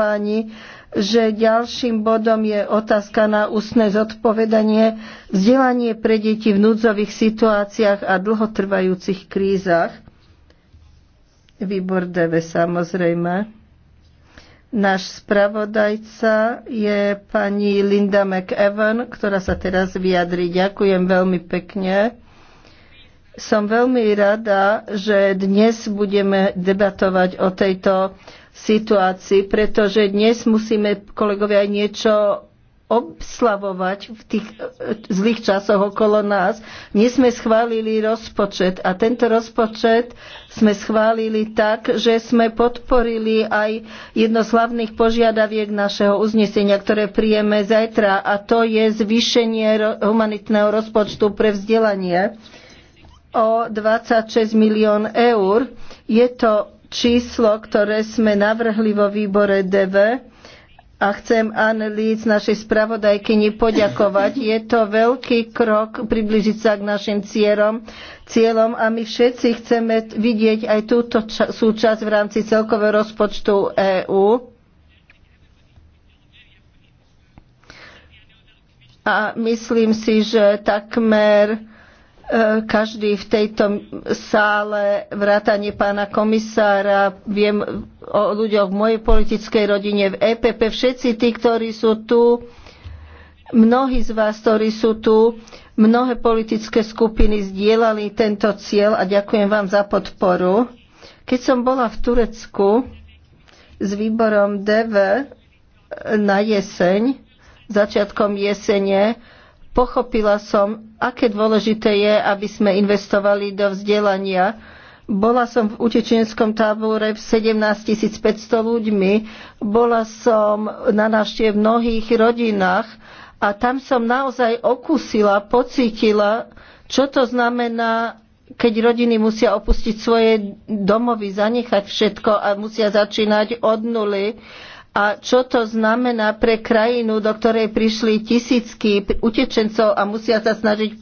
páni, že ďalším bodom je otázka na ústne zodpovedanie, vzdelanie pre deti v núdzových situáciách a dlhotrvajúcich krízach. Výbor DV samozrejme. Náš spravodajca je pani Linda McEwan, ktorá sa teraz vyjadri. Ďakujem veľmi pekne. Som veľmi rada, že dnes budeme debatovať o tejto situácii, pretože dnes musíme, kolegovia, aj niečo obslavovať v tých eh, zlých časoch okolo nás. Dnes sme schválili rozpočet a tento rozpočet sme schválili tak, že sme podporili aj jedno z hlavných požiadaviek našeho uznesenia, ktoré prijeme zajtra a to je zvýšenie humanitného rozpočtu pre vzdelanie o 26 milión eur. Je to číslo, ktoré sme navrhli vo výbore DV a chcem Anne našej spravodajkyni, poďakovať. Je to veľký krok približiť sa k našim cieľom, cieľom a my všetci chceme vidieť aj túto súčasť v rámci celkového rozpočtu EÚ. A myslím si, že takmer každý v tejto sále, vrátane pána komisára, viem o ľuďoch v mojej politickej rodine, v EPP, všetci tí, ktorí sú tu, mnohí z vás, ktorí sú tu, mnohé politické skupiny zdieľali tento cieľ a ďakujem vám za podporu. Keď som bola v Turecku s výborom DV na jeseň, začiatkom jesene, pochopila som, aké dôležité je, aby sme investovali do vzdelania. Bola som v utečenskom tábore v 17 500 ľuďmi, bola som na návštev v mnohých rodinách a tam som naozaj okusila, pocítila, čo to znamená, keď rodiny musia opustiť svoje domovy, zanechať všetko a musia začínať od nuly a čo to znamená pre krajinu, do ktorej prišli tisícky utečencov a musia sa snažiť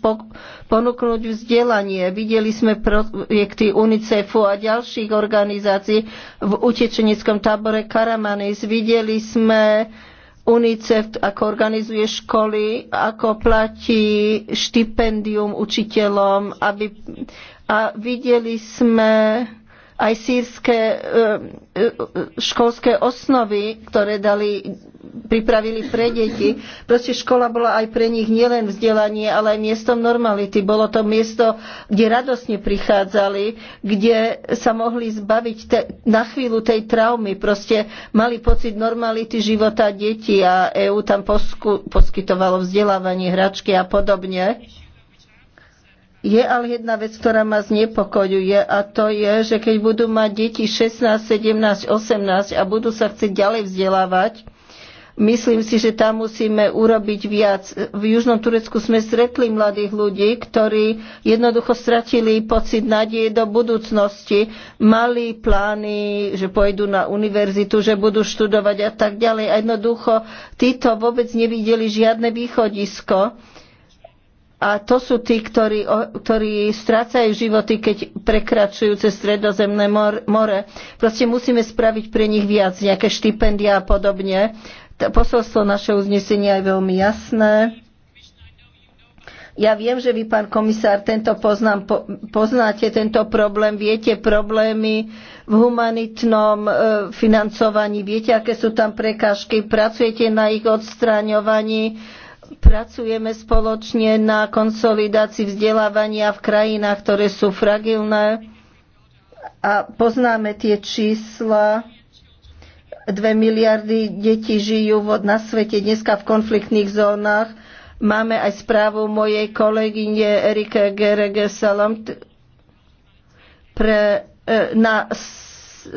ponúknuť vzdelanie. Videli sme projekty UNICEFu a ďalších organizácií v utečeneckom tábore Karamanis. Videli sme UNICEF, ako organizuje školy, ako platí štipendium učiteľom, aby... a videli sme aj sírske e, e, školské osnovy, ktoré dali, pripravili pre deti. Proste škola bola aj pre nich nielen vzdelanie, ale aj miestom normality. Bolo to miesto, kde radosne prichádzali, kde sa mohli zbaviť na chvíľu tej traumy. Proste mali pocit normality života detí a EÚ tam poskytovalo vzdelávanie, hračky a podobne. Je ale jedna vec, ktorá ma znepokojuje a to je, že keď budú mať deti 16, 17, 18 a budú sa chcieť ďalej vzdelávať, myslím si, že tam musíme urobiť viac. V Južnom Turecku sme stretli mladých ľudí, ktorí jednoducho stratili pocit nádeje do budúcnosti, mali plány, že pôjdu na univerzitu, že budú študovať a tak ďalej. A jednoducho títo vôbec nevideli žiadne východisko a to sú tí, ktorí, ktorí strácajú životy, keď prekračujú cez stredozemné more. Proste musíme spraviť pre nich viac, nejaké štipendia a podobne. Posolstvo naše uznesenia je veľmi jasné. Ja viem, že vy, pán komisár, tento poznám, poznáte tento problém, viete problémy v humanitnom e, financovaní, viete, aké sú tam prekážky, pracujete na ich odstraňovaní Pracujeme spoločne na konsolidácii vzdelávania v krajinách, ktoré sú fragilné a poznáme tie čísla. Dve miliardy detí žijú na svete dneska v konfliktných zónach. Máme aj správu mojej kolegyne Erike Gerege Salam pre, e, na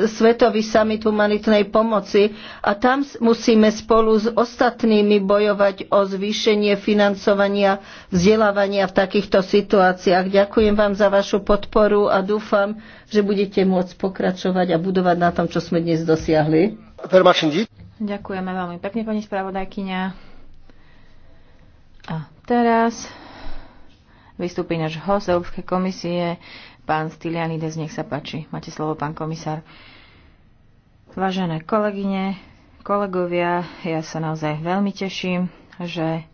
Svetový summit humanitnej pomoci a tam musíme spolu s ostatnými bojovať o zvýšenie financovania vzdelávania v takýchto situáciách. Ďakujem vám za vašu podporu a dúfam, že budete môcť pokračovať a budovať na tom, čo sme dnes dosiahli. Ďakujeme veľmi pekne, pani spravodajkyňa. A teraz vystúpi náš host Európskej komisie, Pán Stylianides, nech sa páči. Máte slovo, pán komisár. Vážené kolegyne, kolegovia, ja sa naozaj veľmi teším, že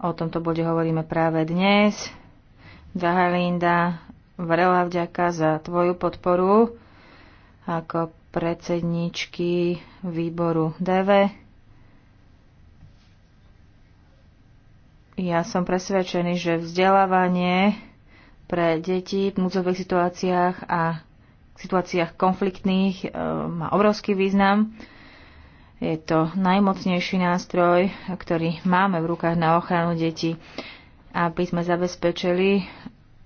o tomto bode hovoríme práve dnes. Drahá Linda, veľa vďaka za tvoju podporu ako predsedničky výboru DV. Ja som presvedčený, že vzdelávanie pre deti v núdzových situáciách a v situáciách konfliktných e, má obrovský význam. Je to najmocnejší nástroj, ktorý máme v rukách na ochranu detí, aby sme zabezpečili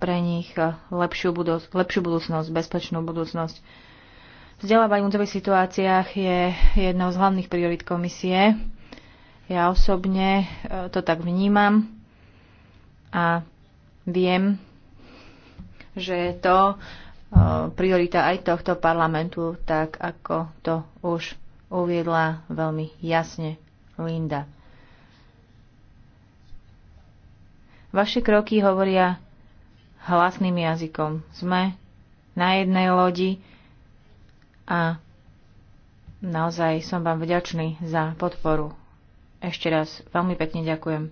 pre nich lepšiu, budúc- lepšiu budúcnosť, bezpečnú budúcnosť. Vzdelávanie v núdzových situáciách je jednou z hlavných priorit komisie. Ja osobne e, to tak vnímam a viem, že je to eh, priorita aj tohto parlamentu, tak ako to už uviedla veľmi jasne Linda. Vaše kroky hovoria hlasným jazykom. Sme na jednej lodi a naozaj som vám vďačný za podporu. Ešte raz veľmi pekne ďakujem.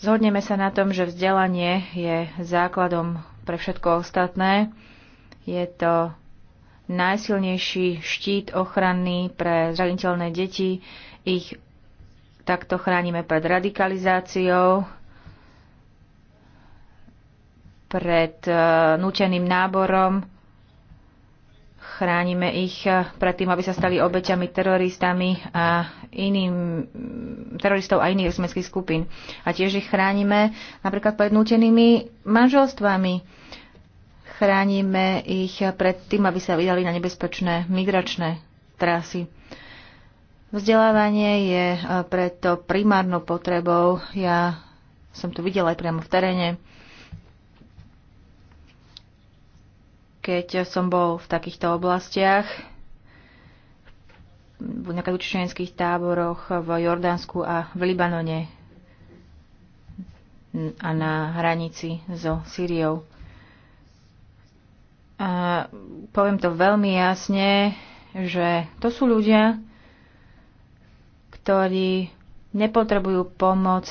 Zhodneme sa na tom, že vzdelanie je základom pre všetko ostatné. Je to najsilnejší štít ochranný pre zraniteľné deti. Ich takto chránime pred radikalizáciou, pred eh, núteným náborom, chránime ich e, pred tým, aby sa stali obeťami teroristami a iným, teroristov a iných exmeckých skupín. A tiež ich chránime napríklad pred nútenými manželstvami. Chránime ich pred tým, aby sa vydali na nebezpečné migračné trasy. Vzdelávanie je e, preto primárnou potrebou. Ja som to videla aj priamo v teréne. keď som bol v takýchto oblastiach, v nejakých učečenských táboroch v Jordánsku a v Libanone a na hranici so Syriou. A poviem to veľmi jasne, že to sú ľudia, ktorí nepotrebujú pomoc,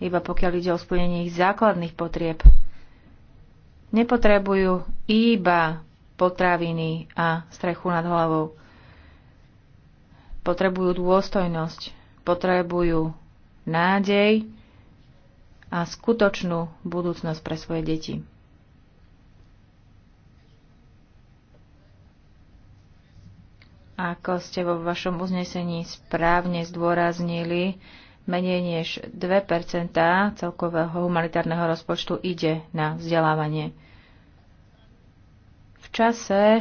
iba pokiaľ ide o splnenie ich základných potrieb – nepotrebujú iba potraviny a strechu nad hlavou. Potrebujú dôstojnosť, potrebujú nádej a skutočnú budúcnosť pre svoje deti. Ako ste vo vašom uznesení správne zdôraznili, menej než 2 celkového humanitárneho rozpočtu ide na vzdelávanie čase,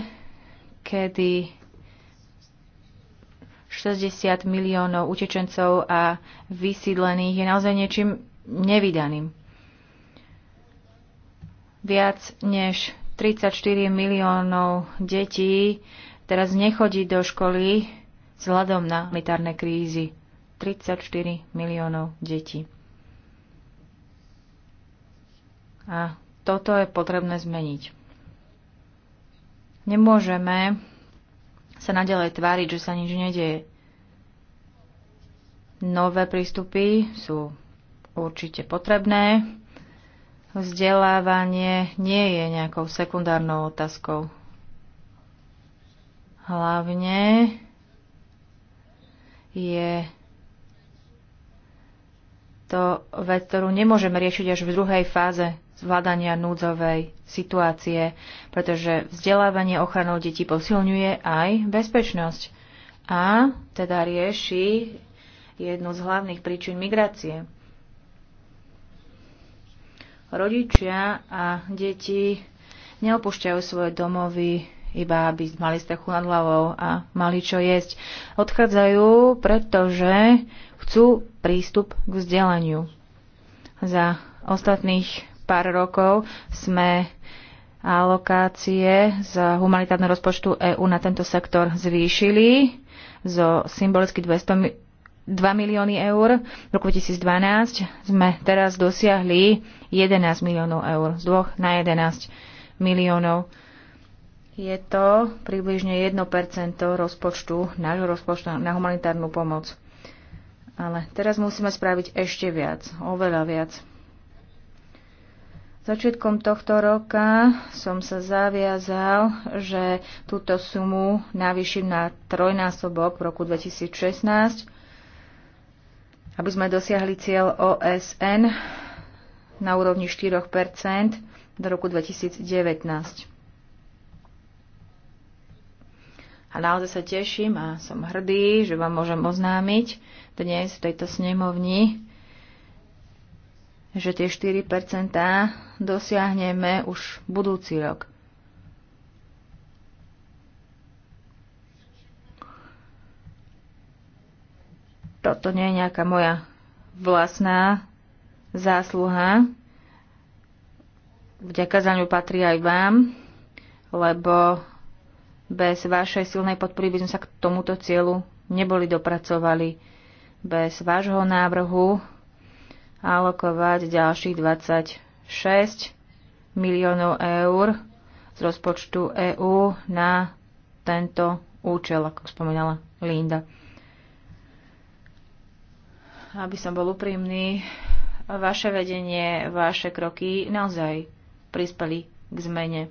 kedy 60 miliónov utečencov a vysídlených je naozaj niečím nevydaným. Viac než 34 miliónov detí teraz nechodí do školy vzhľadom na militárne krízy. 34 miliónov detí. A toto je potrebné zmeniť. Nemôžeme sa naďalej tváriť, že sa nič nedeje. Nové prístupy sú určite potrebné. Vzdelávanie nie je nejakou sekundárnou otázkou. Hlavne je to vec, ktorú nemôžeme riešiť až v druhej fáze zvládania núdzovej situácie, pretože vzdelávanie ochranou detí posilňuje aj bezpečnosť a teda rieši jednu z hlavných príčin migrácie. Rodičia a deti neopúšťajú svoje domovy iba aby mali strechu nad hlavou a mali čo jesť. Odchádzajú, pretože chcú prístup k vzdelaniu. Za ostatných pár rokov sme alokácie z humanitárneho rozpočtu EÚ na tento sektor zvýšili zo symbolicky 200 2 milióny eur. V roku 2012 sme teraz dosiahli 11 miliónov eur, z 2 na 11 miliónov je to približne 1% rozpočtu, nášho rozpočtu na humanitárnu pomoc. Ale teraz musíme spraviť ešte viac, oveľa viac. Začiatkom tohto roka som sa zaviazal, že túto sumu navýšim na trojnásobok v roku 2016, aby sme dosiahli cieľ OSN na úrovni 4 do roku 2019. A naozaj sa teším a som hrdý, že vám môžem oznámiť dnes v tejto snemovni, že tie 4% dosiahneme už budúci rok. Toto nie je nejaká moja vlastná zásluha. Vďaka za ňu patrí aj vám, lebo bez vašej silnej podpory by sme sa k tomuto cieľu neboli dopracovali. Bez vášho návrhu alokovať ďalších 26 miliónov eur z rozpočtu EÚ na tento účel, ako spomínala Linda. Aby som bol úprimný, vaše vedenie, vaše kroky naozaj prispeli k zmene.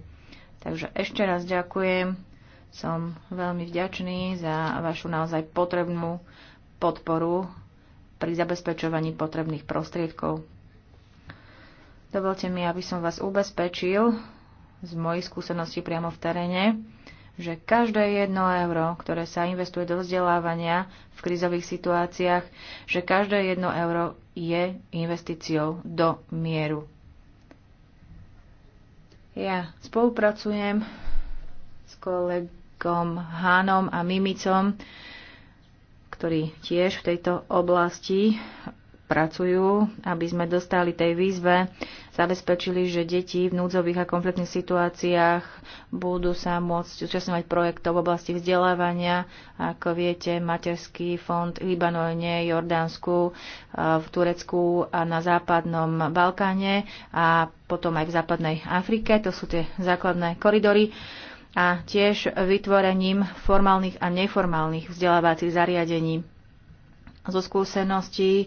Takže ešte raz ďakujem som veľmi vďačný za vašu naozaj potrebnú podporu pri zabezpečovaní potrebných prostriedkov. Dovolte mi, aby som vás ubezpečil z mojich skúseností priamo v teréne, že každé jedno euro, ktoré sa investuje do vzdelávania v krizových situáciách, že každé jedno euro je investíciou do mieru. Ja spolupracujem s kolegou Mikom, Hánom a Mimicom, ktorí tiež v tejto oblasti pracujú, aby sme dostali tej výzve, zabezpečili, že deti v núdzových a konfliktných situáciách budú sa môcť zúčastňovať projektov v oblasti vzdelávania. Ako viete, Materský fond v Libanone, Jordánsku, e, v Turecku a na západnom Balkáne a potom aj v západnej Afrike. To sú tie základné koridory a tiež vytvorením formálnych a neformálnych vzdelávacích zariadení. Zo skúseností e,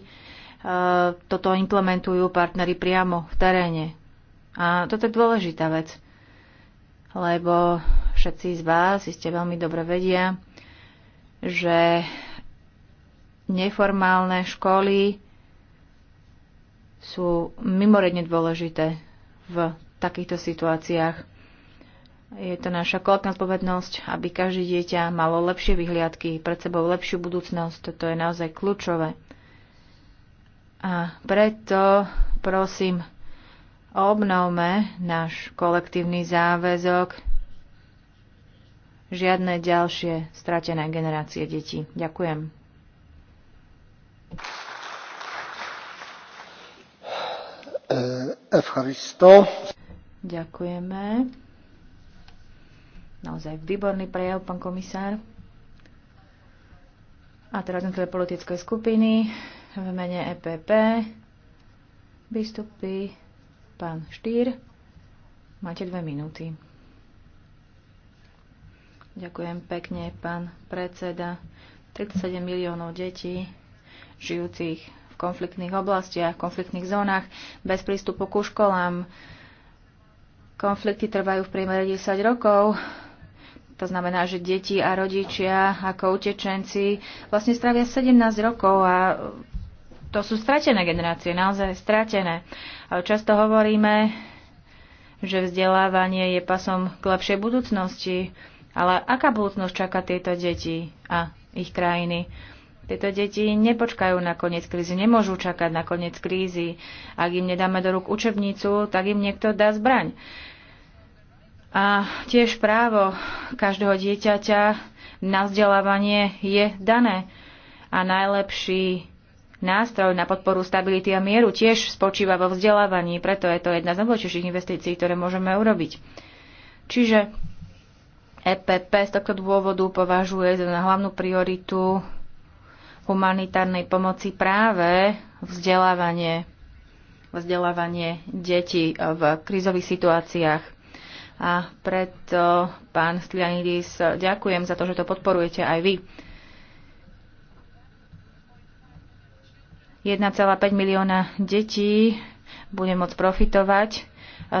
toto implementujú partnery priamo v teréne. A toto je dôležitá vec, lebo všetci z vás iste veľmi dobre vedia, že neformálne školy sú mimoriadne dôležité v takýchto situáciách je to naša kolektívna odpovednosť, aby každé dieťa malo lepšie vyhliadky, pred sebou lepšiu budúcnosť. Toto je naozaj kľúčové. A preto prosím, obnovme náš kolektívny záväzok žiadne ďalšie stratené generácie detí. Ďakujem. Eh, Ďakujeme. Naozaj výborný prejav, pán komisár. A teraz jednotlivé politické skupiny v mene EPP vystupí pán Štýr. Máte dve minúty. Ďakujem pekne, pán predseda. 37 miliónov detí žijúcich v konfliktných oblastiach, konfliktných zónach, bez prístupu ku školám. Konflikty trvajú v priemere 10 rokov to znamená, že deti a rodičia ako utečenci vlastne strávia 17 rokov a to sú stratené generácie, naozaj stratené. Často hovoríme, že vzdelávanie je pasom k lepšej budúcnosti, ale aká budúcnosť čaká tieto deti a ich krajiny? Tieto deti nepočkajú na koniec krízy, nemôžu čakať na koniec krízy. Ak im nedáme do rúk učebnicu, tak im niekto dá zbraň. A tiež právo každého dieťaťa na vzdelávanie je dané. A najlepší nástroj na podporu stability a mieru tiež spočíva vo vzdelávaní, preto je to jedna z najdôležitejších investícií, ktoré môžeme urobiť. Čiže EPP z tohto dôvodu považuje za hlavnú prioritu humanitárnej pomoci práve vzdelávanie, vzdelávanie detí v krízových situáciách a preto, pán Stylianidis, ďakujem za to, že to podporujete aj vy. 1,5 milióna detí bude môcť profitovať e,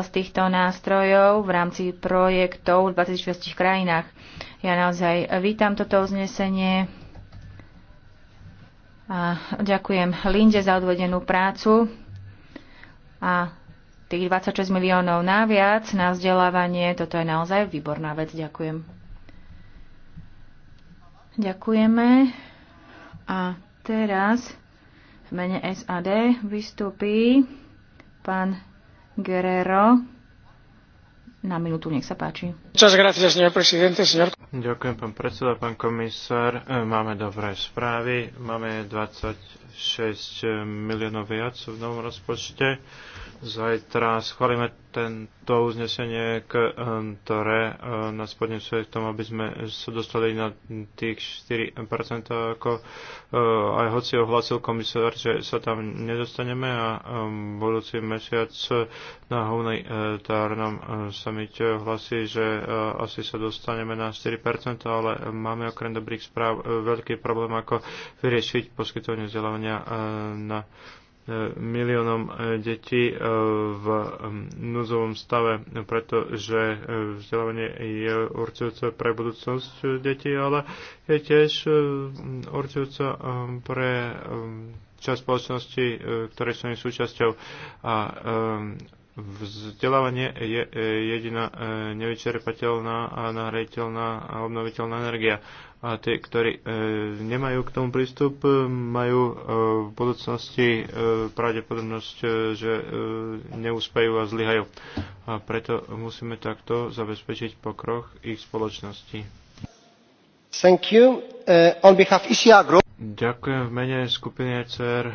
z týchto nástrojov v rámci projektov v 26 krajinách. Ja naozaj vítam toto uznesenie a ďakujem Linde za odvedenú prácu a tých 26 miliónov naviac na vzdelávanie, toto je naozaj výborná vec. Ďakujem. Ďakujeme. A teraz v mene SAD vystúpí, pán Guerrero. Na minútu, nech sa páči. Ďakujem, pán predseda, pán komisár. E, máme dobré správy. Máme 26 miliónov viac v novom rozpočte zajtra schválime tento uznesenie, ehm, ktoré ehm, nás podnesuje k tomu, aby sme sa dostali na tých 4%, ako ehm, aj hoci ohlasil komisár, že sa tam nedostaneme a budúci mesiac na humanitárnom e, e, samite ohlasí, že e, asi sa dostaneme na 4%, ale máme okrem dobrých správ veľký problém, ako vyriešiť poskytovanie vzdelávania na miliónom e, detí e, v núzovom stave, pretože e, vzdelávanie je určujúce pre budúcnosť detí, ale je tiež určujúce pre časť spoločnosti, ktoré sú súčasťou. A Vzdelávanie je e, jediná e, nevyčerpateľná a nahraditeľná a obnoviteľná energia. A tí, ktorí e, nemajú k tomu prístup, majú v budúcnosti pravdepodobnosť, že neúspejú a zlyhajú. A preto musíme takto zabezpečiť pokrok ich spoločnosti. Thank you. Uh, on behalf ICR Group. Ďakujem v mene skupiny ECR.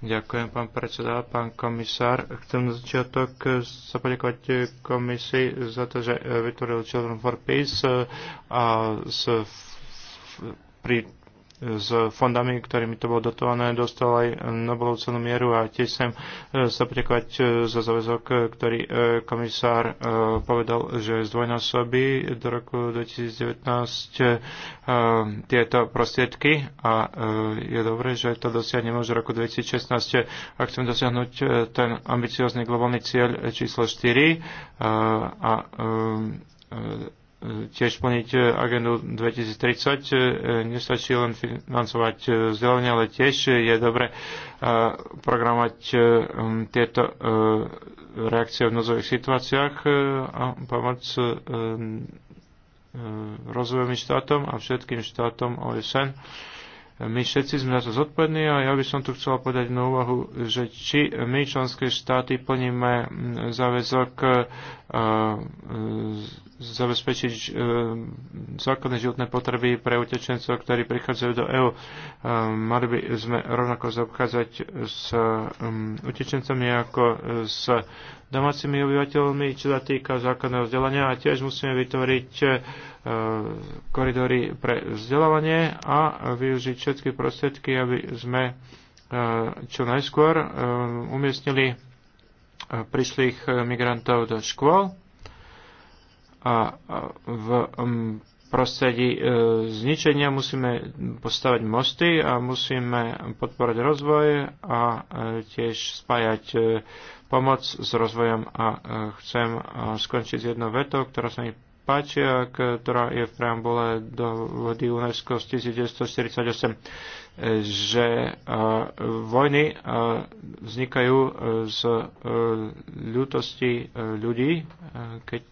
Ďakujem, pán predseda, pán komisár. Chcem na začiatok sa poďakovať komisii za to, že vytvoril Children for Peace a s pri s fondami, ktorými to bolo dotované, dostal aj Nobelovú cenu mieru a tiež sem e, sa poďakovať e, za záväzok, e, ktorý komisár povedal, že zdvojnásobí do roku 2019 tieto prostriedky a je dobré, že to dosiahneme už v roku 2016 a chcem dosiahnuť ten ambiciózny globálny cieľ číslo 4 a tiež splniť e, agendu 2030. E, nestačí len financovať e, vzdelanie, ale tiež je dobre programovať tieto reakcie v nozových situáciách a pomoc rozvojovým štátom a všetkým štátom OSN my všetci sme na to zodpovední a ja by som tu chcela podať na úvahu, že či my členské štáty plníme mm, záväzok e, e, zabezpečiť e, základné životné potreby pre utečencov, ktorí prichádzajú do EÚ. Mali by sme rovnako zaobchádzať s mm, utečencami ako s domácimi obyvateľmi, čo sa týka základného vzdelania a tiež musíme vytvoriť e, koridory pre vzdelávanie a využiť všetky prostriedky, aby sme e, čo najskôr e, umiestnili prišlých migrantov do škôl a v prostredí zničenia musíme postavať mosty a musíme podporať rozvoj a tiež spájať pomoc s rozvojom a e, chcem e, skončiť s jednou vetou, ktorá sa mi páči a ktorá je v preambule vody UNESCO z 1948 že e, vojny vznikajú z ľútosti ľudí, keď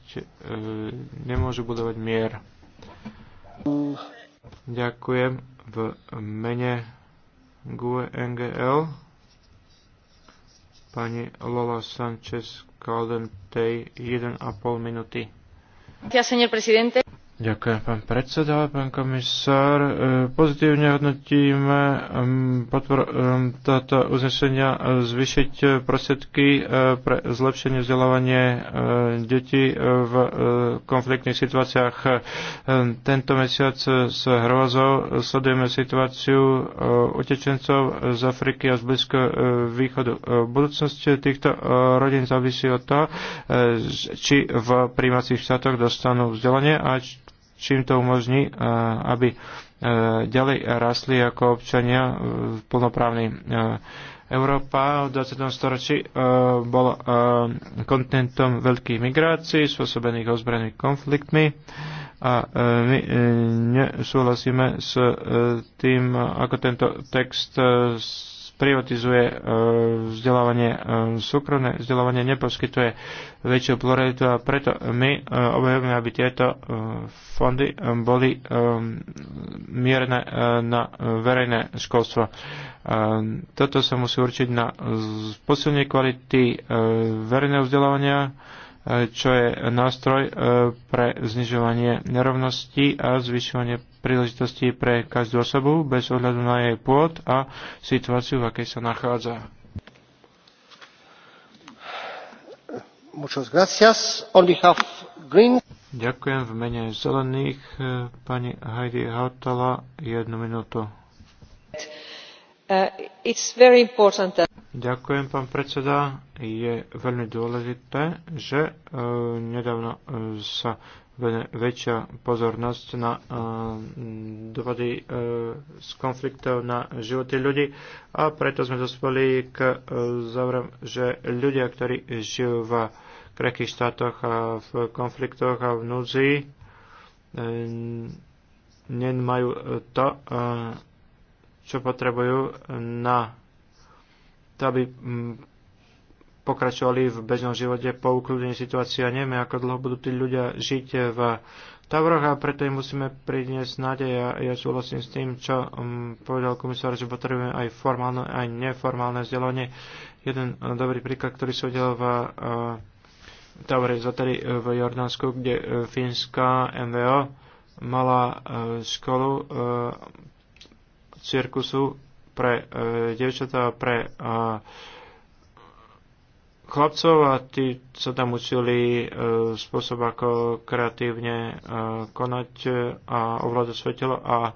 nemôžu budovať mier. Ďakujem v mene GUE NGL pani Lola Sanchez Caldentej 1,5 minúty. Ja, señor presidente. Ďakujem, pán predseda, pán komisár. E, pozitívne hodnotíme toto uznesenia e, zvyšiť prostriedky e, pre zlepšenie vzdelávanie detí v konfliktných situáciách. Tento mesiac s hrozou sledujeme situáciu utečencov z Afriky a z Blízkeho východu. Budúcnosť týchto rodín závisí od toho, či v príjmacích štátoch dostanú vzdelanie a čím to umožní, eh, aby eh, ďalej rastli ako občania eh, v plnoprávnej Európa v 20. storočí bol kontinentom veľkých migrácií, spôsobených ozbrojenými konfliktmi a my nesúhlasíme s tým, ako tento text privatizuje e, vzdelávanie e, súkromné, vzdelávanie neposkytuje väčšiu pluralitu a preto my e, obhajujeme, aby tieto fondy boli mierne na verejné školstvo. Toto sa musí určiť na posilnenie kvality verejného vzdelávania, čo je nástroj pre znižovanie nerovností a zvyšovanie príležitosti pre každú osobu bez ohľadu na jej pôd a situáciu, v akej sa nachádza. Ďakujem v mene zelených eh, pani Heidi Hautala jednu minútu. Uh, that... Ďakujem, pán predseda. Je veľmi dôležité, že uh, nedávno uh, sa väčšia pozornosť na uh, z konfliktov na životy ľudí a preto sme dospeli k eh, záverom, že ľudia, ktorí žijú v krehkých štátoch a v konfliktoch a v uh, nemajú to, čo potrebujú na to, aby mm, pokračovali v bežnom živote po ukludení situácie a nevieme, ako dlho budú tí ľudia žiť v tavroch a preto im musíme priniesť nádej a ja súhlasím s tým, čo um, povedal komisár, že potrebujeme aj formálne, aj neformálne vzdelanie. Jeden uh, dobrý príklad, ktorý sa udelal v uh, tábore Zatari v Jordánsku, kde uh, fínska MVO mala uh, školu uh, cirkusu pre uh, devčatá, pre uh, chlapcov a tí sa tam učili e, spôsob, ako kreatívne e, konať e, a ovládať svetelo a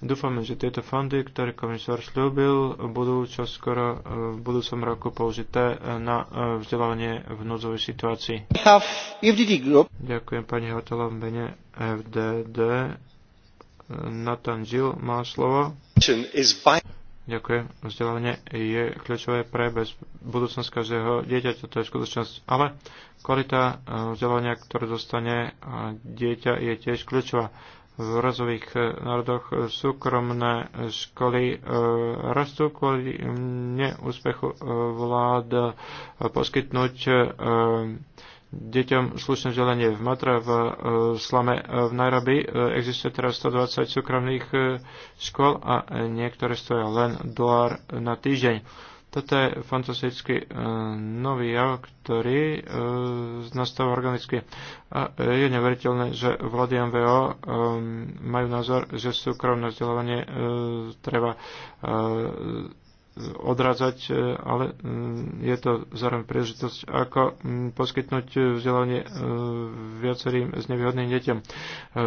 dúfame, že tieto fondy, ktoré komisár slúbil, budú čoskoro e, v budúcom roku použité na e, vzdelávanie v núdzovej situácii. Ďakujem pani Hotelov mene FDD. Nathan Gill má slovo. Ďakujem. Vzdelávanie je kľúčové pre bez budúcnosť každého dieťa, toto je skutočnosť. Ale kvalita eh, vzdelávania, ktoré dostane eh, dieťa, je tiež kľúčová. V rozových eh, národoch súkromné školy rastú kvôli mm, neúspechu vlád poskytnúť deťom slušné vzdelanie v Matra, v e, Slame, e, v Nairobi. E, existuje teraz 120 súkromných škôl a niektoré stoja len dolár na týždeň. Toto je fantastický e, nový jav, ktorý e, organicky. A je neveriteľné, že vlády MVO e, majú názor, že súkromné vzdelávanie e, treba odrádzať, e, ale mm, je to zároveň príležitosť, ako mm, poskytnúť vzdelanie e, viacerým znevýhodným deťom. E,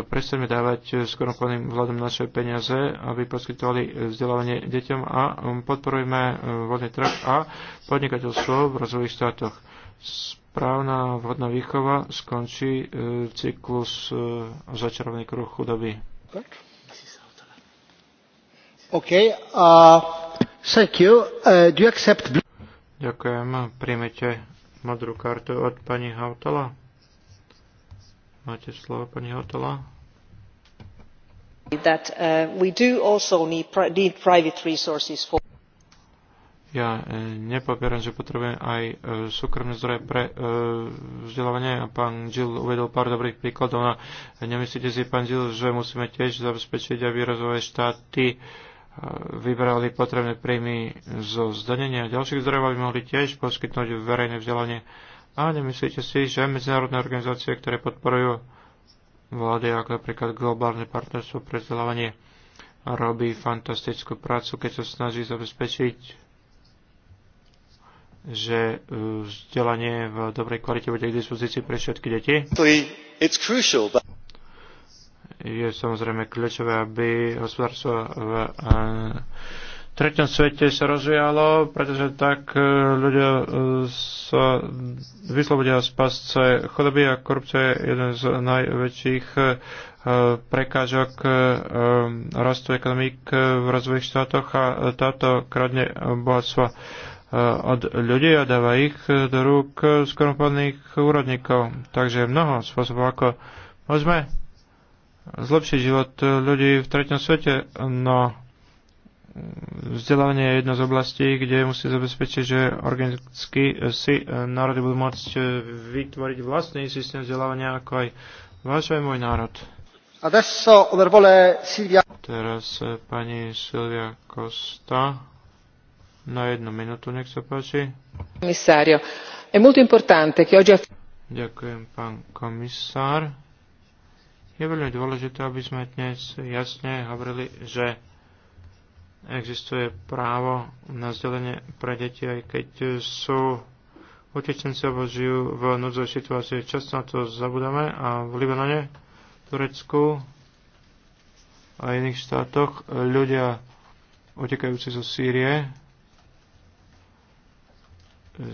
prestaňme dávať skorumpovaným vládom naše peniaze, aby poskytovali vzdelávanie deťom a mm, podporujme voľný trh a podnikateľstvo v rozvojových štátoch. Správna vhodná výchova skončí cyklus začarovaný kruh chudoby. OK. Uh... Uh, accept... Ďakujem. Príjmete modrú kartu od pani Hautala. Máte slovo, pani Hautala. That, uh, we do also need, need private resources for ja uh, nepopieram, že potrebujem aj uh, súkromné zdroje pre uh, vzdelávanie a pán Gil uvedol pár dobrých príkladov a no, nemyslíte si, pán Gil, že musíme tiež zabezpečiť, aby rozvojové štáty vybrali potrebné príjmy zo zdanenia a ďalších zdrojov, aby mohli tiež poskytnúť verejné vzdelanie. A nemyslíte si, že medzinárodné organizácie, ktoré podporujú vlády, ako napríklad Globálne partnerstvo pre vzdelávanie, robí fantastickú prácu, keď sa snaží zabezpečiť že e, vzdelanie v dobrej kvalite bude k dispozícii pre všetky deti je samozrejme kľúčové, aby hospodárstvo v e, treťom svete sa rozvíjalo, pretože tak e, ľudia e, sa vyslobodia z pasce chodoby a korupcia je jeden z najväčších prekážok rastu ekonomík v rozvojových štátoch a táto kradne bohatstva od ľudí a dáva ich do rúk skorumpovaných úrodníkov. Takže mnoho spôsobov, ako môžeme zlepšiť život ľudí v treťom svete, no vzdelávanie je jedna z oblastí, kde musí zabezpečiť, že organicky si národy budú môcť vytvoriť vlastný systém vzdelávania, ako aj váš aj môj národ. Adesso, onorevole Silvia. Teraz eh, pani Silvia Costa. Na jednu minútu, nech sa páči. Komisario, è molto importante che oggi... Ďakujem, pán komisár je veľmi dôležité, aby sme dnes jasne hovorili, že existuje právo na vzdelenie pre deti, aj keď sú utečenci alebo žijú v núdzovej situácii. Často na to zabudáme a v Libanone, Turecku a iných štátoch ľudia utekajúci zo Sýrie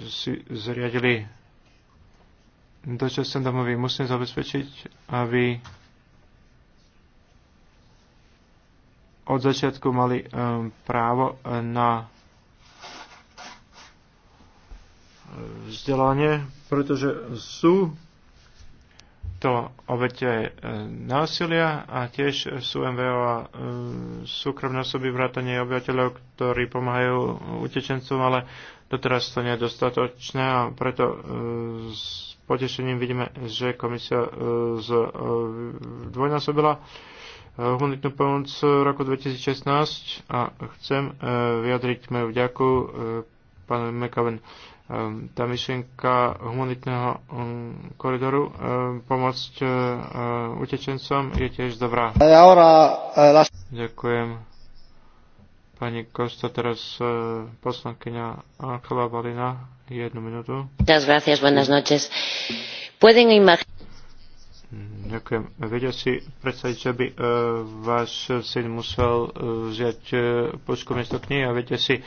si zriadili dočasné domovy. Musíme zabezpečiť, aby od začiatku mali eh, právo eh, na eh, vzdelanie, pretože sú to obete násilia a tiež sú MVO a súkromné osoby vrátanie obyvateľov, ktorí pomáhajú utečencom, ale doteraz to nie je dostatočné a preto s potešením vidíme, že komisia zdvojnásobila humanitnú pomoc v roku 2016 a chcem e, vyjadriť moju vďaku e, pánovi McAven. E, tá myšlienka humanitného koridoru pomôcť utečencom je tiež dobrá. Ďakujem. Pani Kosta, teraz poslankyňa Ankela Valina, jednu minútu. Muchas gracias, buenas noches. Pueden imaginar Ďakujem. Vedia si predstaviť, že by e, váš syn musel e, vziať e, počku miesto knihy a viete si e,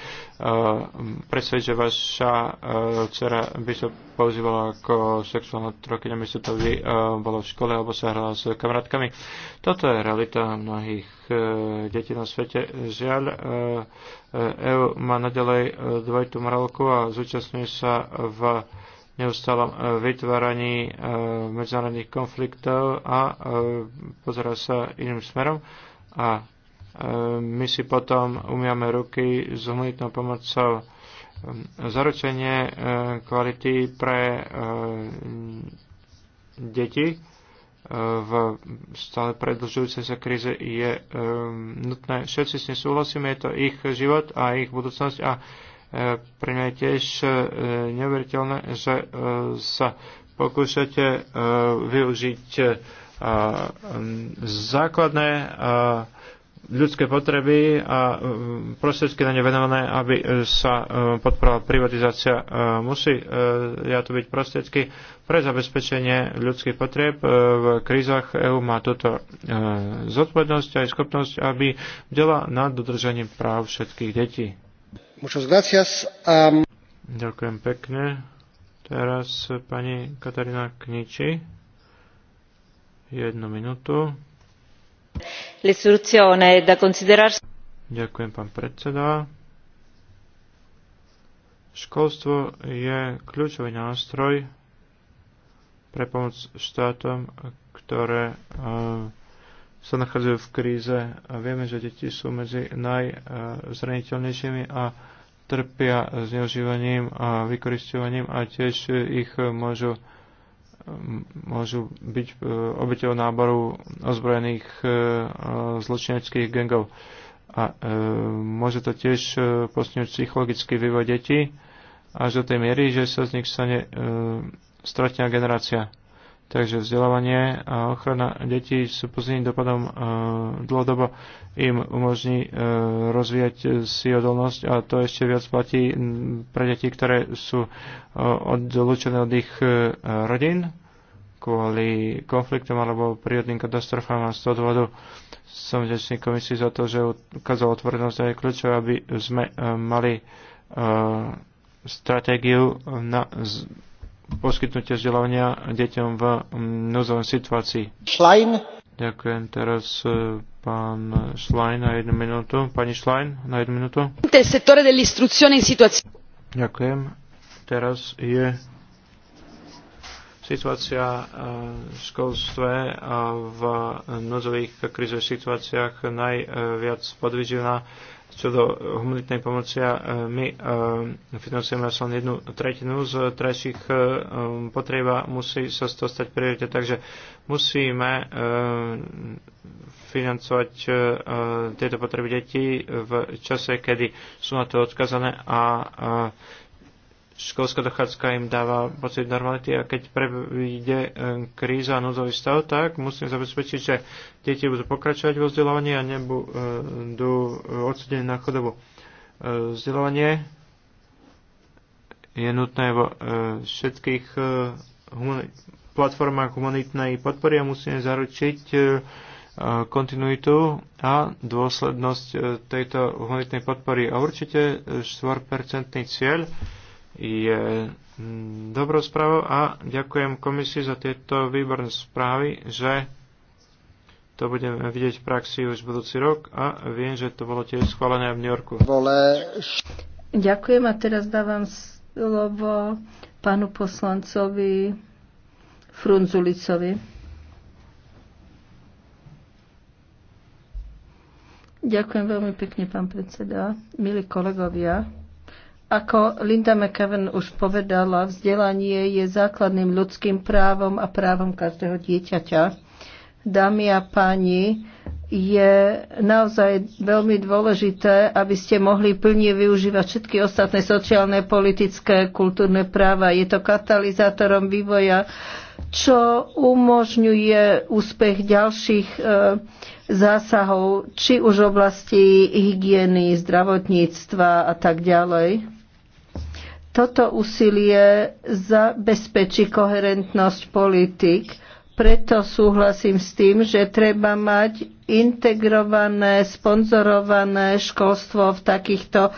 predstaviť, že vaša e, dcera by sa používala ako sexuálna trokyňa, miesto to by e, bola v škole alebo sa hrala s kamarátkami. Toto je realita mnohých e, detí na svete. Žiaľ, e, EU e má nadalej e, dvojitú morálku a zúčastňuje sa v e, neustálom e, vytváraní e, medzinárodných konfliktov a e, pozera sa iným smerom a my si potom umiame ruky s humanitnou pomocou zaručenie kvality pre deti v stále predlžujúcej sa kríze je nutné. Všetci s tým súhlasíme, je to ich život a ich budúcnosť a pre mňa je tiež e, neuveriteľné, že e, sa pokúšate e, využiť základné ľudské potreby a prostriedky na ne venované, aby sa podporovala privatizácia. Musí ja to byť prostriedky pre zabezpečenie ľudských potrieb. V krízach EÚ má túto zodpovednosť aj schopnosť, aby bdela nad dodržaním práv všetkých detí. Muchas gracias. Um... Ďakujem pekne. Teraz pani Katarína Kniči. Jednu minútu. L'istruzione da considerarsi... Ďakujem, pán predseda. Školstvo je kľúčový nástroj pre pomoc štátom, ktoré uh, sa nachádzajú v kríze a vieme, že deti sú medzi najzraniteľnejšími a trpia zneužívaním a vykoristovaním a tiež ich môžu, môžu byť e, obeťou náboru ozbrojených e, zločineckých gengov. A e, môže to tiež postihnúť psychologický vývoj detí až do tej miery, že sa z nich stane stratená generácia Takže vzdelávanie a ochrana detí s pozitívnym dopadom e, dlhodobo im umožní e, rozvíjať e, si odolnosť a to ešte viac platí pre deti, ktoré sú odlučené od ich rodín kvôli konfliktom alebo prírodným katastrofám a z toho dôvodu som vďačný komisii za to, že ukázal otvorenosť a je kľúčové, aby sme mali stratégiu na poskytnutia vzdelávania deťom v núzovom situácii. Schlein. Ďakujem teraz e, pán Schlein na jednu minútu. Pani Schlein na jednu minútu. Ďakujem. Teraz je situácia e, v školstve a v núzových krizových situáciách najviac podvyživná čo do humanitnej pomoci a e, my e, financujeme sa len jednu tretinu z trajších e, potrieb a musí sa z toho stať priorita. Takže musíme financovať tieto potreby detí v čase, kedy sú na to odkazané a školská dochádzka im dáva pocit normality a keď prejde eh, kríza a núzový stav, tak musím zabezpečiť, že deti budú pokračovať vo vzdelávaní a nebudú eh, eh, odsudení na chodobu. Vzdelávanie je nutné vo všetkých platformách humanitnej podpory a musíme zaručiť kontinuitu a dôslednosť tejto humanitnej podpory. A určite 4 cieľ je dobrou správou a ďakujem komisii za tieto výborné správy, že to budeme vidieť v praxi už v budúci rok a viem, že to bolo tiež schválené v New Yorku. Ďakujem a teraz dávam slovo pánu poslancovi Frunzulicovi. Ďakujem veľmi pekne, pán predseda. Milí kolegovia, ako Linda McKeven už povedala, vzdelanie je základným ľudským právom a právom každého dieťaťa. Dámy a páni, je naozaj veľmi dôležité, aby ste mohli plne využívať všetky ostatné sociálne, politické, kultúrne práva. Je to katalizátorom vývoja, čo umožňuje úspech ďalších e, zásahov, či už v oblasti hygieny, zdravotníctva a tak ďalej toto úsilie zabezpečí koherentnosť politik, preto súhlasím s tým, že treba mať integrované, sponzorované školstvo v takýchto eh,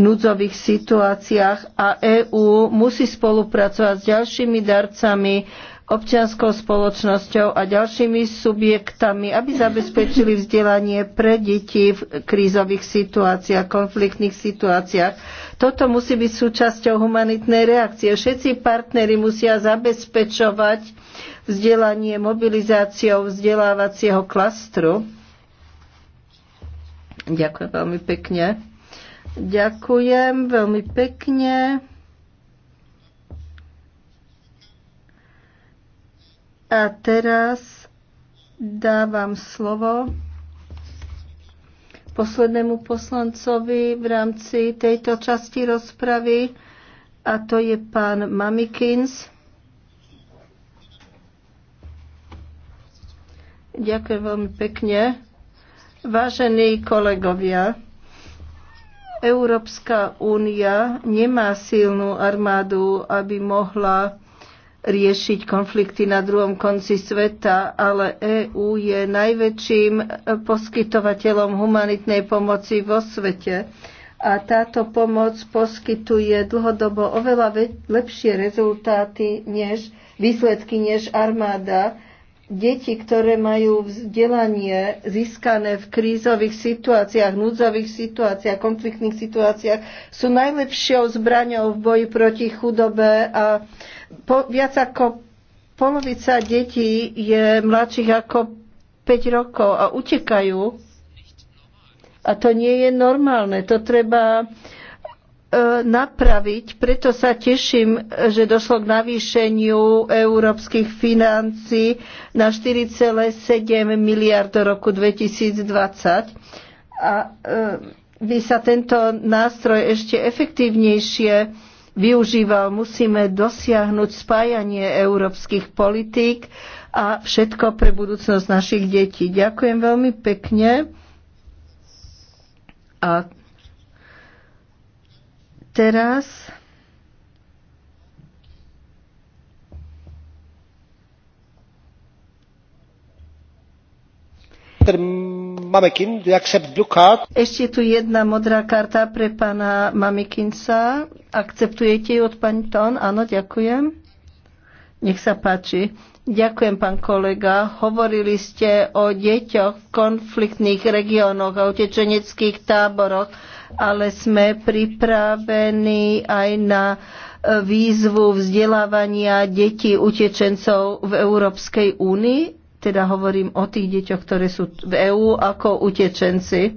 núdzových situáciách a EÚ musí spolupracovať s ďalšími darcami občianskou spoločnosťou a ďalšími subjektami, aby zabezpečili vzdelanie pre deti v krízových situáciách, konfliktných situáciách. Toto musí byť súčasťou humanitnej reakcie. Všetci partnery musia zabezpečovať vzdelanie mobilizáciou vzdelávacieho klastru. Ďakujem veľmi pekne. Ďakujem veľmi pekne. A teraz dávam slovo poslednému poslancovi v rámci tejto časti rozpravy a to je pán Mamikins. Ďakujem veľmi pekne. Vážení kolegovia, Európska únia nemá silnú armádu, aby mohla riešiť konflikty na druhom konci sveta, ale EÚ je najväčším poskytovateľom humanitnej pomoci vo svete. A táto pomoc poskytuje dlhodobo oveľa lepšie rezultáty než výsledky než armáda. Deti, ktoré majú vzdelanie získané v krízových situáciách, núdzových situáciách, konfliktných situáciách, sú najlepšou zbraňou v boji proti chudobe a po, viac ako polovica detí je mladších ako 5 rokov a utekajú. A to nie je normálne. To treba e, napraviť. Preto sa teším, že došlo k navýšeniu európskych financí na 4,7 miliard do roku 2020. A e, by sa tento nástroj ešte efektívnejšie využíval. Musíme dosiahnuť spájanie európskych politík a všetko pre budúcnosť našich detí. Ďakujem veľmi pekne. A teraz Trm. Mamekin, do you accept blue card? Ešte tu jedna modrá karta pre pána Mamekinsa. Akceptujete ju od pani Ton? Áno, ďakujem. Nech sa páči. Ďakujem, pán kolega. Hovorili ste o deťoch v konfliktných regiónoch a utečeneckých táboroch, ale sme pripravení aj na e, výzvu vzdelávania detí utečencov v Európskej únii? teda hovorím o tých deťoch, ktoré sú v EÚ ako utečenci.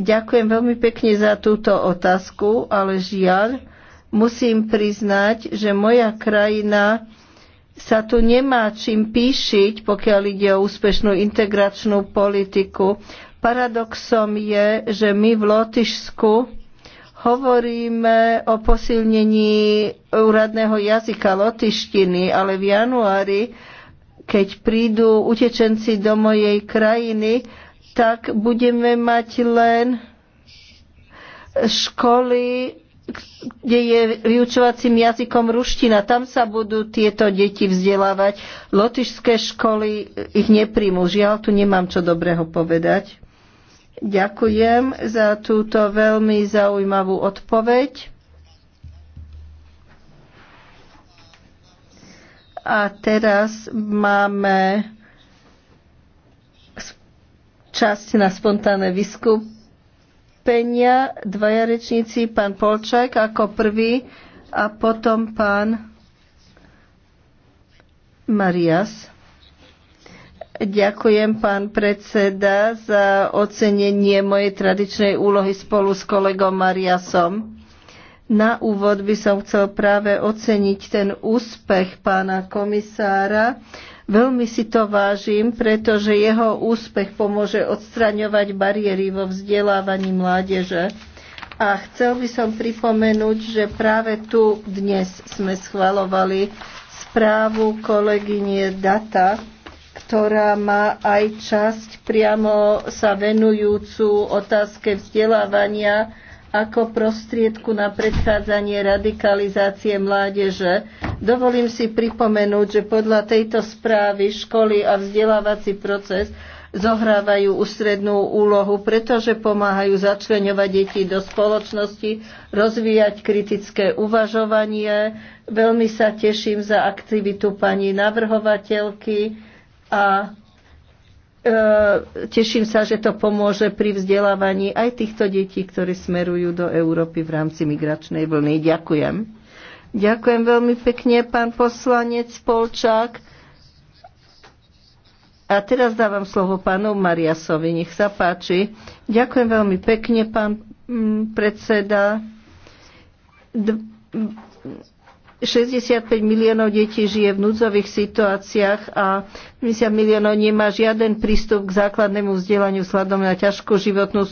Ďakujem veľmi pekne za túto otázku, ale žiaľ, musím priznať, že moja krajina sa tu nemá čím píšiť, pokiaľ ide o úspešnú integračnú politiku. Paradoxom je, že my v Lotyšsku hovoríme o posilnení úradného jazyka lotyštiny, ale v januári keď prídu utečenci do mojej krajiny, tak budeme mať len školy, kde je vyučovacím jazykom ruština. Tam sa budú tieto deti vzdelávať. Lotyšské školy ich nepríjmu. Žiaľ, tu nemám čo dobrého povedať. Ďakujem za túto veľmi zaujímavú odpoveď. A teraz máme časť na spontánne vyskupenia. Dvaja rečníci, pán Polčák ako prvý a potom pán Marias. Ďakujem, pán predseda, za ocenenie mojej tradičnej úlohy spolu s kolegom Mariasom. Na úvod by som chcel práve oceniť ten úspech pána komisára. Veľmi si to vážim, pretože jeho úspech pomôže odstraňovať bariéry vo vzdelávaní mládeže. A chcel by som pripomenúť, že práve tu dnes sme schvalovali správu kolegynie Data, ktorá má aj časť priamo sa venujúcu otázke vzdelávania ako prostriedku na predchádzanie radikalizácie mládeže. Dovolím si pripomenúť, že podľa tejto správy školy a vzdelávací proces zohrávajú ústrednú úlohu, pretože pomáhajú začleňovať deti do spoločnosti, rozvíjať kritické uvažovanie. Veľmi sa teším za aktivitu pani navrhovateľky a E, teším sa, že to pomôže pri vzdelávaní aj týchto detí, ktorí smerujú do Európy v rámci migračnej vlny. Ďakujem. Ďakujem veľmi pekne, pán poslanec Polčák. A teraz dávam slovo pánu Mariasovi, nech sa páči. Ďakujem veľmi pekne, pán mm, predseda. D- 65 miliónov detí žije v núdzových situáciách a 50 miliónov nemá žiaden prístup k základnému vzdelaniu vzhľadom na ťažkú životnú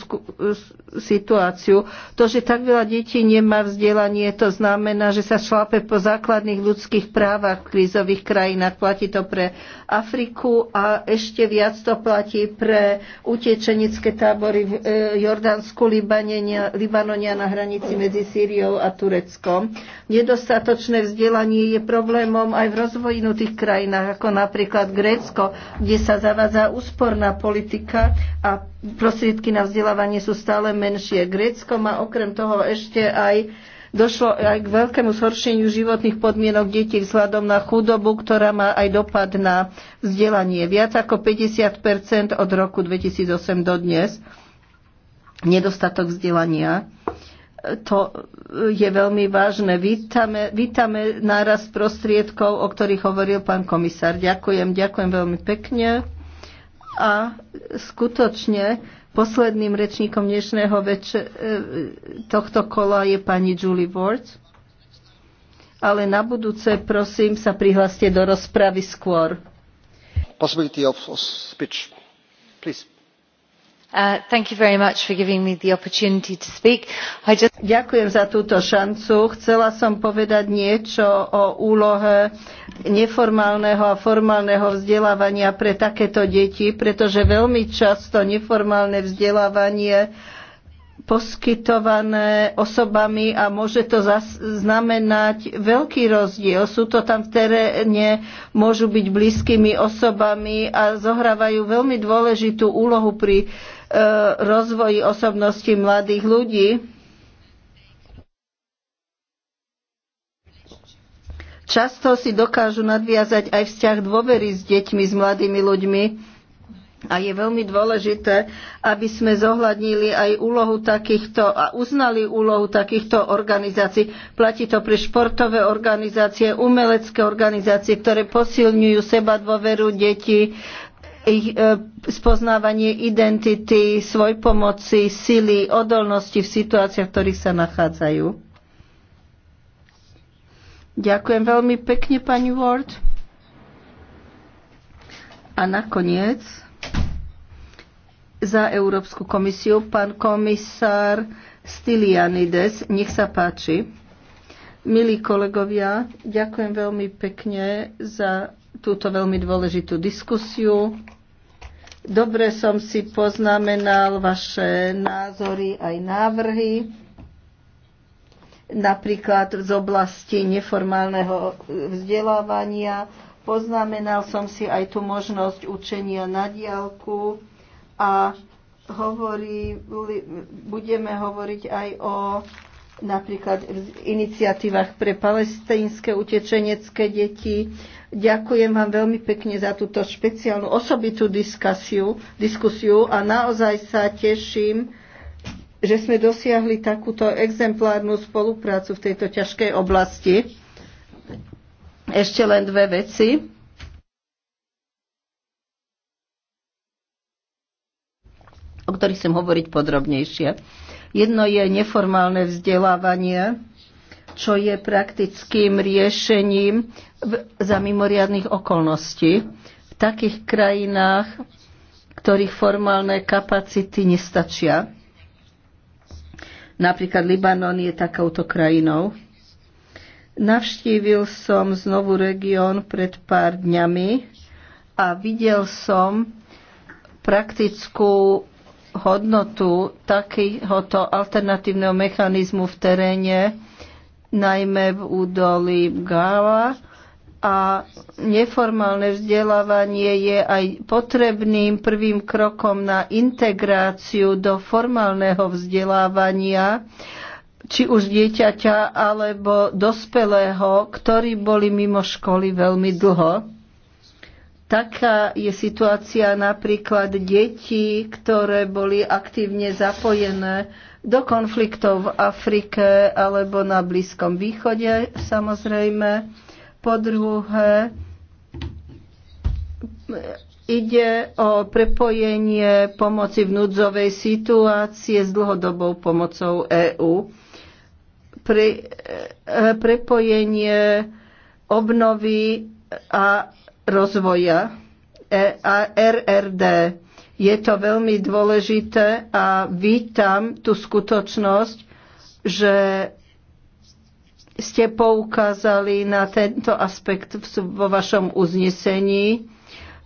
situáciu. To, že tak veľa detí nemá vzdelanie, to znamená, že sa šlápe po základných ľudských právach v krízových krajinách. Platí to pre Afriku a ešte viac to platí pre utečenické tábory v e, Jordánsku, Libanonia na hranici medzi Sýriou a Tureckom. Nedostatočné Cezhraničné vzdelanie je problémom aj v rozvojnutých krajinách, ako napríklad Grécko, kde sa zavádza úsporná politika a prostriedky na vzdelávanie sú stále menšie. Grécko má okrem toho ešte aj došlo aj k veľkému zhoršeniu životných podmienok detí vzhľadom na chudobu, ktorá má aj dopad na vzdelanie. Viac ako 50 od roku 2008 do dnes nedostatok vzdelania to je veľmi vážne. Vítame, vítame náraz prostriedkov, o ktorých hovoril pán komisár. Ďakujem, ďakujem veľmi pekne. A skutočne posledným rečníkom dnešného večer, e, tohto kola je pani Julie Ward. Ale na budúce, prosím, sa prihláste do rozpravy skôr. Possibility of, of speech. Please. Uh, Ďakujem za túto šancu. Chcela som povedať niečo o úlohe neformálneho a formálneho vzdelávania pre takéto deti, pretože veľmi často neformálne vzdelávanie poskytované osobami a môže to znamenať veľký rozdiel. Sú to tam v teréne, môžu byť blízkymi osobami a zohrávajú veľmi dôležitú úlohu pri rozvoji osobnosti mladých ľudí. Často si dokážu nadviazať aj vzťah dôvery s deťmi, s mladými ľuďmi. A je veľmi dôležité, aby sme zohľadnili aj úlohu takýchto a uznali úlohu takýchto organizácií. Platí to pre športové organizácie, umelecké organizácie, ktoré posilňujú seba dôveru detí, ich e, spoznávanie identity, svoj pomoci, sily, odolnosti v situáciách, v ktorých sa nachádzajú. Ďakujem veľmi pekne, pani Ward. A nakoniec za Európsku komisiu pán komisár Stylianides. Nech sa páči. Milí kolegovia, ďakujem veľmi pekne za túto veľmi dôležitú diskusiu. Dobre som si poznamenal vaše názory aj návrhy, napríklad z oblasti neformálneho vzdelávania. Poznamenal som si aj tú možnosť učenia na diálku a hovorí, budeme hovoriť aj o napríklad v iniciatívach pre palestínske utečenecké deti. Ďakujem vám veľmi pekne za túto špeciálnu osobitú diskusiu, diskusiu a naozaj sa teším, že sme dosiahli takúto exemplárnu spoluprácu v tejto ťažkej oblasti. Ešte len dve veci. o ktorých chcem hovoriť podrobnejšie. Jedno je neformálne vzdelávanie, čo je praktickým riešením za mimoriadných okolností. V takých krajinách, ktorých formálne kapacity nestačia. Napríklad Libanon je takouto krajinou. Navštívil som znovu región pred pár dňami a videl som praktickú hodnotu takéhoto alternatívneho mechanizmu v teréne, najmä v údolí Gáva. A neformálne vzdelávanie je aj potrebným prvým krokom na integráciu do formálneho vzdelávania, či už dieťaťa alebo dospelého, ktorí boli mimo školy veľmi dlho. Taká je situácia napríklad detí, ktoré boli aktívne zapojené do konfliktov v Afrike alebo na Blízkom východe samozrejme. Po druhé, ide o prepojenie pomoci v núdzovej situácie s dlhodobou pomocou EÚ. Pre, prepojenie obnovy a rozvoja e- RRD. Je to veľmi dôležité a vítam tú skutočnosť, že ste poukázali na tento aspekt vo vašom uznesení.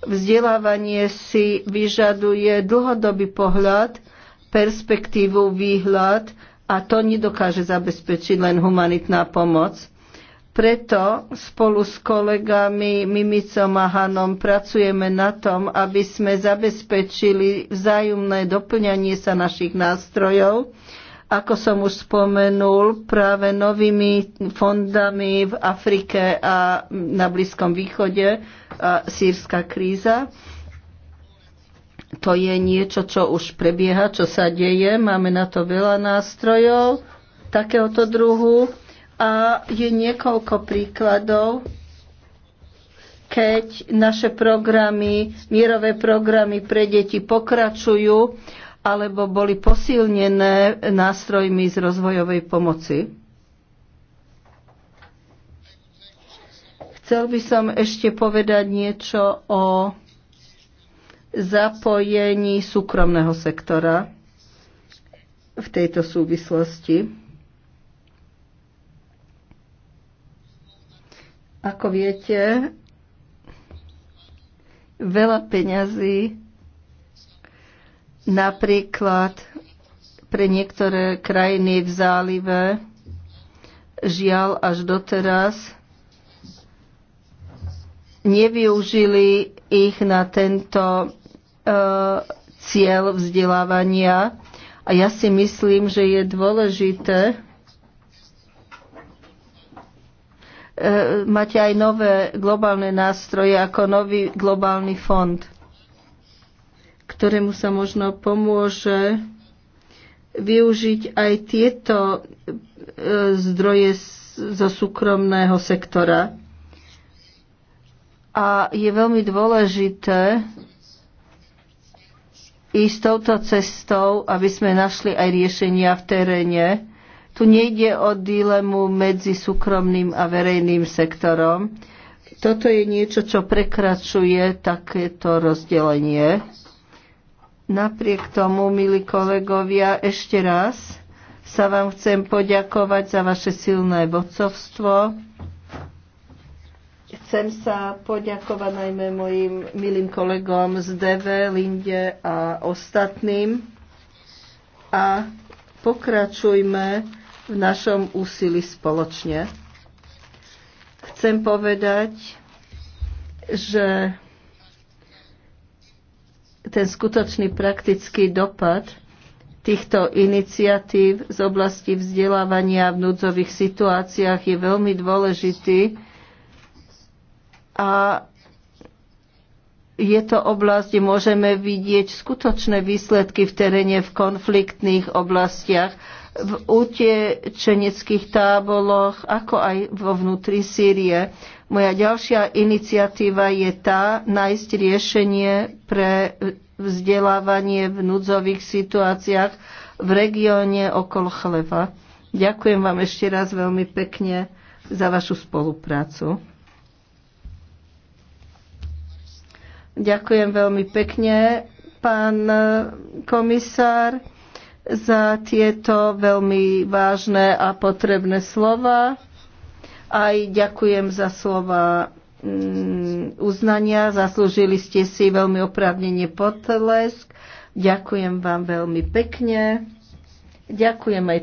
Vzdelávanie si vyžaduje dlhodobý pohľad, perspektívu, výhľad a to nedokáže zabezpečiť len humanitná pomoc. Preto spolu s kolegami Mimicom a Hanom pracujeme na tom, aby sme zabezpečili vzájomné doplňanie sa našich nástrojov, ako som už spomenul, práve novými fondami v Afrike a na Blízkom východe, a sírska kríza. To je niečo, čo už prebieha, čo sa deje. Máme na to veľa nástrojov takéhoto druhu a je niekoľko príkladov, keď naše programy, mierové programy pre deti pokračujú alebo boli posilnené nástrojmi z rozvojovej pomoci. Chcel by som ešte povedať niečo o zapojení súkromného sektora v tejto súvislosti. Ako viete, veľa peňazí napríklad pre niektoré krajiny v zálive žiaľ až doteraz nevyužili ich na tento e, cieľ vzdelávania. A ja si myslím, že je dôležité, E, máte aj nové globálne nástroje ako nový globálny fond, ktorému sa možno pomôže využiť aj tieto e, zdroje zo súkromného sektora. A je veľmi dôležité ísť touto cestou, aby sme našli aj riešenia v teréne tu nejde o dilemu medzi súkromným a verejným sektorom. Toto je niečo, čo prekračuje takéto rozdelenie. Napriek tomu, milí kolegovia, ešte raz sa vám chcem poďakovať za vaše silné vodcovstvo. Chcem sa poďakovať najmä mojim milým kolegom z DV, Linde a ostatným. A pokračujme v našom úsilí spoločne. Chcem povedať, že ten skutočný praktický dopad týchto iniciatív z oblasti vzdelávania v núdzových situáciách je veľmi dôležitý a je to oblasť, kde môžeme vidieť skutočné výsledky v teréne v konfliktných oblastiach v utečeneckých táboloch, ako aj vo vnútri Sýrie. Moja ďalšia iniciatíva je tá nájsť riešenie pre vzdelávanie v núdzových situáciách v regióne okolo Chleva. Ďakujem vám ešte raz veľmi pekne za vašu spoluprácu. Ďakujem veľmi pekne, pán komisár za tieto veľmi vážne a potrebné slova. Aj ďakujem za slova mm, uznania. Zaslúžili ste si veľmi oprávnenie potlesk. Ďakujem vám veľmi pekne. Ďakujem aj